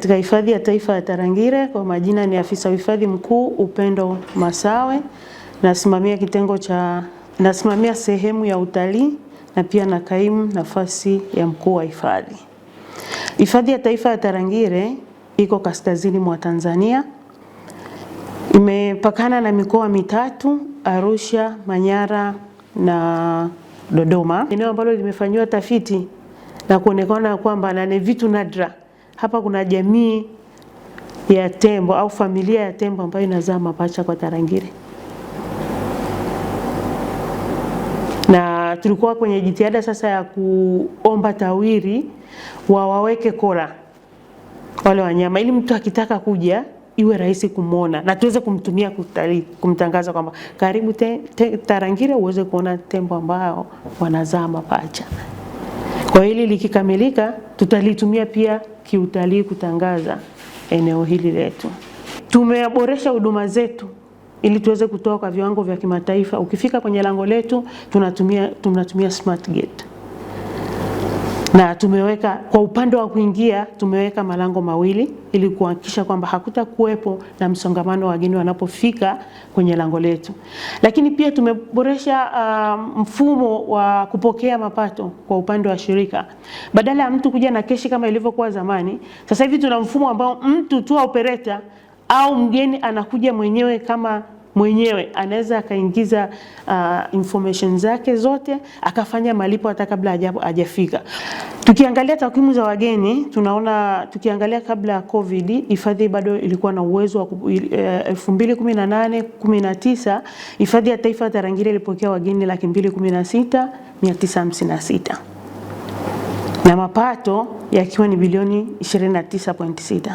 Katika hifadhi ya taifa ya Tarangire kwa majina ni afisa hifadhi mkuu Upendo Masawe. Nasimamia kitengo cha nasimamia sehemu ya utalii na pia na kaimu nafasi ya mkuu wa hifadhi. Hifadhi ya taifa ya Tarangire iko kaskazini mwa Tanzania, imepakana na mikoa mitatu Arusha, Manyara na Dodoma, eneo ambalo limefanyiwa tafiti na kuonekana kwamba na ni vitu nadra hapa kuna jamii ya tembo au familia ya tembo ambayo inazaa mapacha kwa tarangire, na tulikuwa kwenye jitihada sasa ya kuomba TAWIRI wawaweke kola wale wanyama, ili mtu akitaka kuja iwe rahisi kumwona na tuweze kumtumia kutali, kumtangaza kwamba karibu te, te, Tarangire uweze kuona tembo ambao wanazaa mapacha. Kwa hili likikamilika, tutalitumia pia kiutalii kutangaza eneo hili letu. Tumeboresha huduma zetu ili tuweze kutoa kwa viwango vya kimataifa. Ukifika kwenye lango letu tunatumia, tunatumia smart gate na tumeweka kwa upande wa kuingia, tumeweka malango mawili ili kuhakikisha kwamba hakuta kuwepo na msongamano wa wageni wanapofika kwenye lango letu. Lakini pia tumeboresha uh, mfumo wa kupokea mapato kwa upande wa shirika. Badala ya mtu kuja na keshi kama ilivyokuwa zamani, sasa hivi tuna mfumo ambao mtu tu operator au mgeni anakuja mwenyewe kama mwenyewe anaweza akaingiza uh, information zake zote akafanya malipo hata kabla hajafika. Tukiangalia takwimu za wageni tunaona, tukiangalia kabla ya COVID hifadhi bado ilikuwa na uwezo wa 2018 19, eh, hifadhi ya taifa ya Tarangire ilipokea wageni laki na mapato yakiwa ni bilioni 29.6.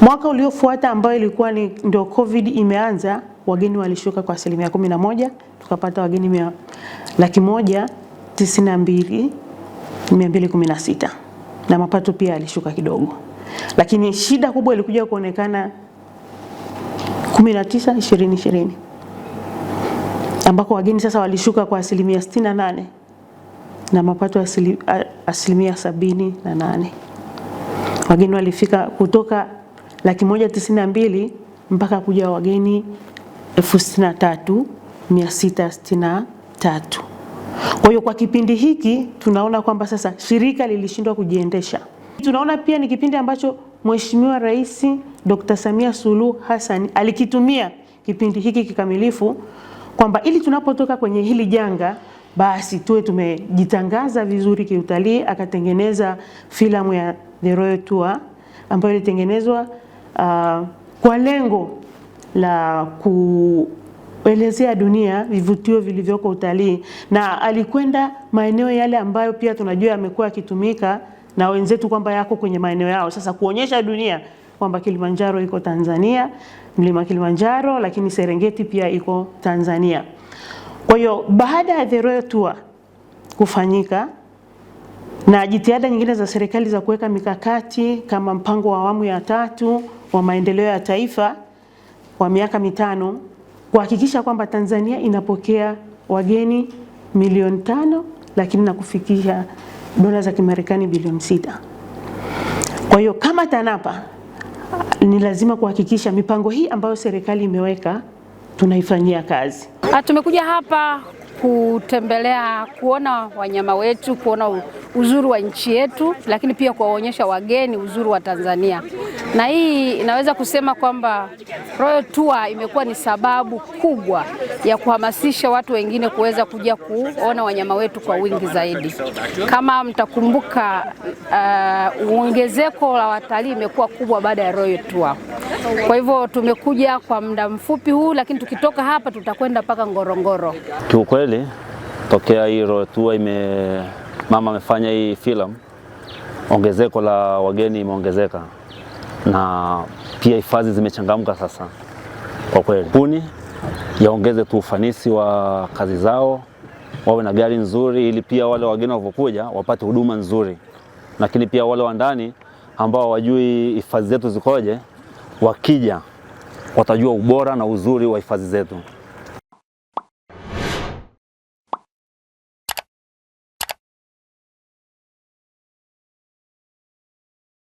Mwaka uliofuata ambayo ilikuwa ni ndio COVID imeanza wageni walishuka kwa asilimia moja tukapata wageni mia laki moja tisini na mbili mia mbili kumi na sita na mapato pia yalishuka kidogo, lakini shida kubwa ilikuja kuonekana tisa ishirini ishirini ambako wageni sasa walishuka kwa asilimia sitini na mapato asilimia sabini na nane Wageni walifika kutoka laki moja tisini na mbili mpaka kuja wageni 663. Kwa hiyo kwa kipindi hiki tunaona kwamba sasa shirika lilishindwa kujiendesha. Tunaona pia ni kipindi ambacho Mheshimiwa Rais Dr. Samia Suluhu Hassan alikitumia kipindi hiki kikamilifu kwamba ili tunapotoka kwenye hili janga basi tuwe tumejitangaza vizuri kiutalii. Akatengeneza filamu ya The Royal Tour ambayo ilitengenezwa uh, kwa lengo la kuelezea dunia vivutio vilivyoko utalii, na alikwenda maeneo yale ambayo pia tunajua yamekuwa yakitumika na wenzetu kwamba yako kwenye maeneo yao, sasa kuonyesha dunia kwamba Kilimanjaro iko Tanzania, mlima Kilimanjaro, lakini Serengeti pia iko Tanzania. Kwa hiyo baada ya the Royal Tour kufanyika na jitihada nyingine za serikali za kuweka mikakati kama mpango wa awamu ya tatu wa maendeleo ya taifa wa miaka mitano kuhakikisha kwamba Tanzania inapokea wageni milioni tano lakini na kufikisha dola za Kimarekani bilioni sita. Kwa hiyo kama TANAPA ni lazima kuhakikisha mipango hii ambayo serikali imeweka tunaifanyia kazi. Ah, tumekuja hapa kutembelea, kuona wanyama wetu, kuona uzuri wa nchi yetu, lakini pia kuwaonyesha wageni uzuri wa Tanzania. Na hii inaweza kusema kwamba Royal Tour imekuwa ni sababu kubwa ya kuhamasisha watu wengine kuweza kuja kuona wanyama wetu kwa wingi zaidi. Kama mtakumbuka, uh, ongezeko la watalii imekuwa kubwa baada ya Royal Tour. Kwa hivyo tumekuja kwa muda mfupi huu, lakini tukitoka hapa tutakwenda mpaka Ngorongoro. Kiukweli tokea hii rotua ime mama amefanya hii filamu, ongezeko la wageni imeongezeka na pia hifadhi zimechangamka sasa. Kwa kweli puni yaongeze tu ufanisi wa kazi zao, wawe na gari nzuri, ili pia wale wageni wanapokuja wapate huduma nzuri, lakini pia wale wa ndani ambao wajui hifadhi zetu zikoje wakija watajua ubora na uzuri wa hifadhi zetu.